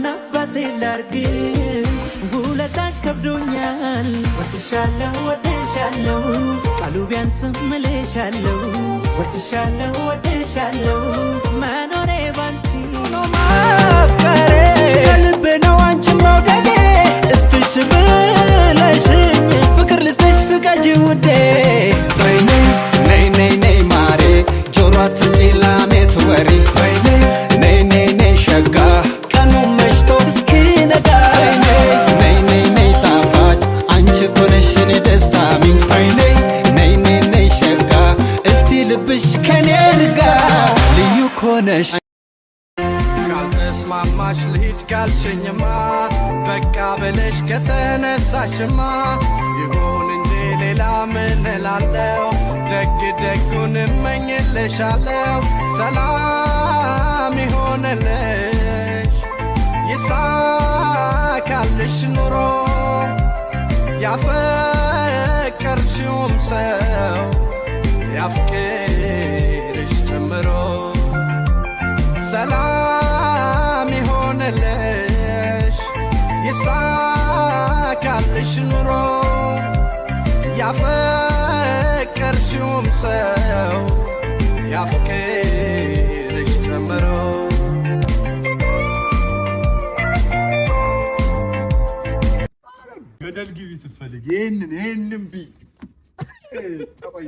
ምን አባቴ ላርግሽ ውለታሽ ከብዶኛል። ወድሻለሁ ወድሻለሁ ቃሉ ቢያንስም እልሻለሁ ወድሻለሁ ወድሻለሁ ነይ ነይ ነይ ነይ ሸጋ እስቲ ልብሽ ከኔ ርጋ ልዩ ኮነሽ ካልተስማማሽ ልሂድ ካልሽኝማ በቃ ብለሽ ከተነሳሽማ ይሁን እንጂ ሌላ ምን እላለሁ ደግ ደጉን እመኝልሻለሁ ሰላም ይሆንልሽ ይሳካልሽ ኑሮ ያፈ ሰው ያፍቅርሽ ጀምሮ ሰላም ይሆንልሽ ይሳካልሽ ኑሮ ያፈቀርሽውም ሰው ያፍቅርሽ ጀምሮ ገደል ግቢ ስትፈልግ ይህንን ይህንን ብይ 에이, 예, 따가